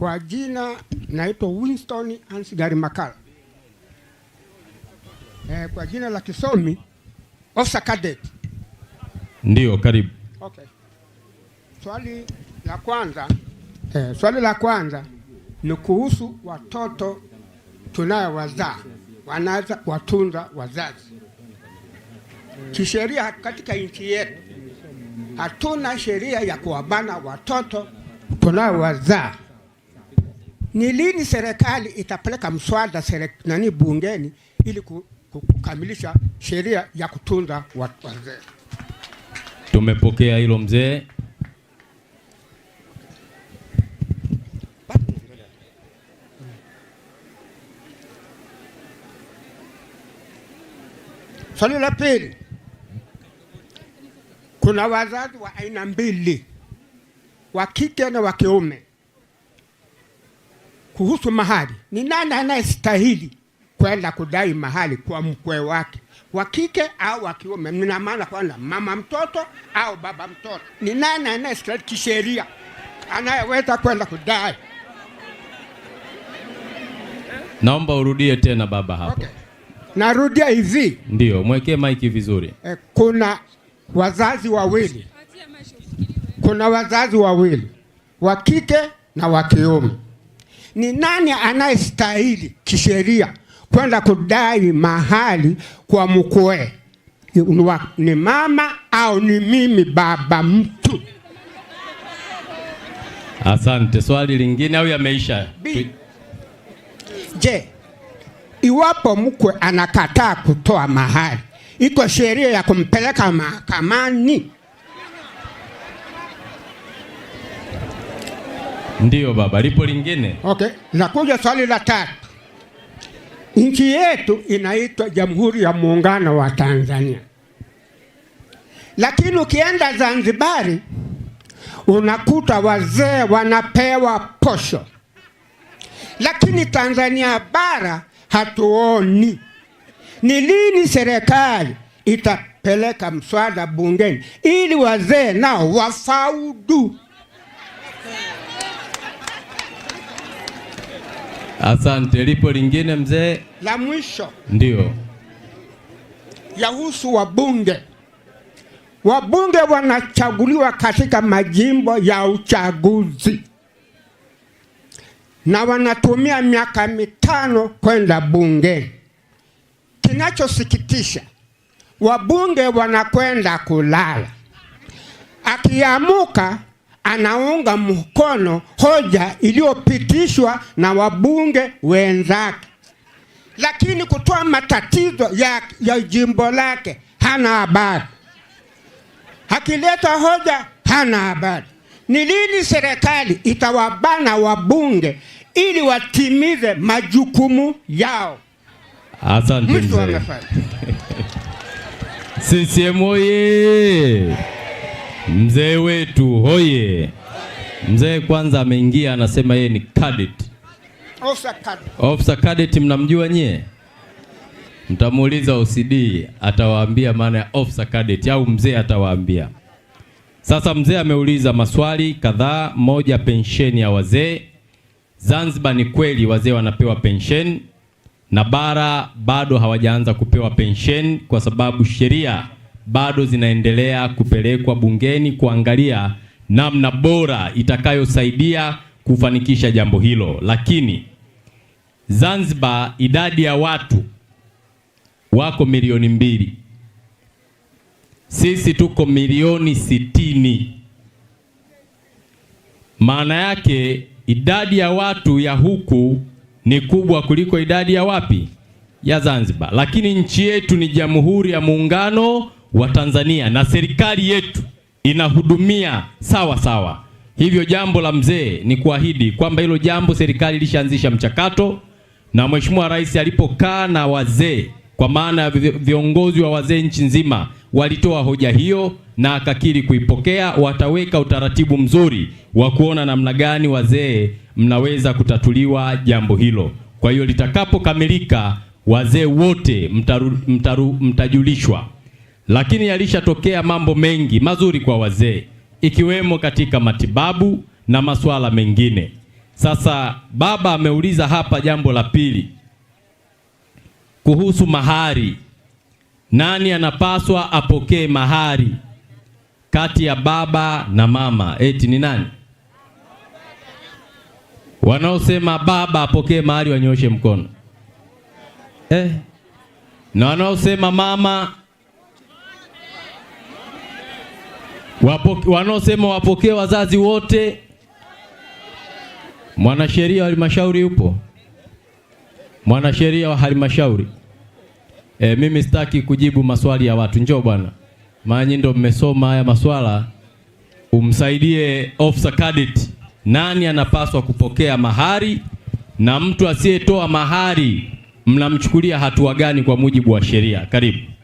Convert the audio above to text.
Kwa jina naitwa Winston Ansgari Makala, e, kwa jina la kisomi officer cadet. Ndio, karibu. Okay. Swali la kwanza eh, swali la kwanza ni kuhusu watoto tunayowazaa wanaza watunza wazazi. Kisheria katika nchi yetu hatuna sheria ya kuwabana watoto tunayowazaa ni lini serikali itapeleka mswada nani bungeni ili kukamilisha sheria ya kutunza wazee? Tumepokea hilo mzee. Swali la pili, kuna wazazi wa aina mbili, wa kike na wa kiume kuhusu mahali, ni nani anayestahili kwenda kudai mahali kwa mkwe wake wa kike au wa kiume? Nina maana kwanza mama mtoto au baba mtoto, ni nani anayestahili kisheria, anayeweza kwenda kudai? Naomba urudie tena baba hapo. Okay. Narudia hivi. Ndio, mwekee maiki vizuri. E, kuna wazazi wawili, kuna wazazi wawili wa kike na wa kiume ni nani anayestahili kisheria kwenda kudai mahali kwa mkwe, ni mama au ni mimi baba mtu? Asante. Swali lingine au yameisha? Je, iwapo mkwe anakataa kutoa mahali, iko sheria ya kumpeleka mahakamani? Ndiyo baba, lipo lingine. Okay, nakuja swali la tatu. Nchi yetu inaitwa Jamhuri ya Muungano wa Tanzania, lakini ukienda Zanzibari unakuta wazee wanapewa posho, lakini Tanzania bara hatuoni. Ni lini serikali itapeleka mswada bungeni ili wazee nao wafaudu? Asante. Lipo lingine mzee? La mwisho ndio yahusu wabunge. Wabunge wanachaguliwa katika majimbo ya uchaguzi na wanatumia miaka mitano kwenda bunge. Kinachosikitisha, wabunge wanakwenda kulala, akiamuka anaunga mkono hoja iliyopitishwa na wabunge wenzake, lakini kutoa matatizo ya, ya jimbo lake hana habari, akileta hoja hana habari. Ni lini serikali itawabana wabunge ili watimize majukumu yao? Asante Sisi Mzee wetu hoye! Mzee kwanza ameingia anasema yeye ni cadet. Officer cadet. Officer cadet mnamjua nyie? Mtamuuliza OCD atawaambia maana ya officer cadet au mzee atawaambia. Sasa mzee ameuliza maswali kadhaa. Moja, pensheni ya wazee Zanzibar, ni kweli wazee wanapewa pensheni na bara bado hawajaanza kupewa pensheni kwa sababu sheria bado zinaendelea kupelekwa bungeni kuangalia namna bora itakayosaidia kufanikisha jambo hilo. Lakini Zanzibar idadi ya watu wako milioni mbili, sisi tuko milioni sitini. Maana yake idadi ya watu ya huku ni kubwa kuliko idadi ya wapi? Ya Zanzibar. Lakini nchi yetu ni Jamhuri ya Muungano wa Tanzania na serikali yetu inahudumia sawa sawa. Hivyo jambo la mzee ni kuahidi kwamba hilo jambo serikali ilishaanzisha mchakato, na Mheshimiwa Rais alipokaa na wazee, kwa maana ya viongozi wa wazee nchi nzima, walitoa hoja hiyo na akakiri kuipokea. Wataweka utaratibu mzuri wa kuona namna gani wazee mnaweza kutatuliwa jambo hilo. Kwa hiyo litakapokamilika, wazee wote mtaru, mtaru, mtajulishwa lakini yalishatokea mambo mengi mazuri kwa wazee, ikiwemo katika matibabu na masuala mengine. Sasa baba ameuliza hapa jambo la pili kuhusu mahari. Nani anapaswa apokee mahari kati ya baba na mama? Eti ni nani? Wanaosema baba apokee mahari wanyoshe mkono eh, na wanaosema mama wanaosema wapokee wazazi wote. Mwanasheria wa halmashauri yupo? Mwanasheria wa halmashauri e, mimi sitaki kujibu maswali ya watu. Njoo bwana, maana nyinyi ndio mmesoma haya maswala, umsaidie officer cadet, nani anapaswa kupokea mahari na mtu asiyetoa mahari mnamchukulia hatua gani kwa mujibu wa sheria? Karibu.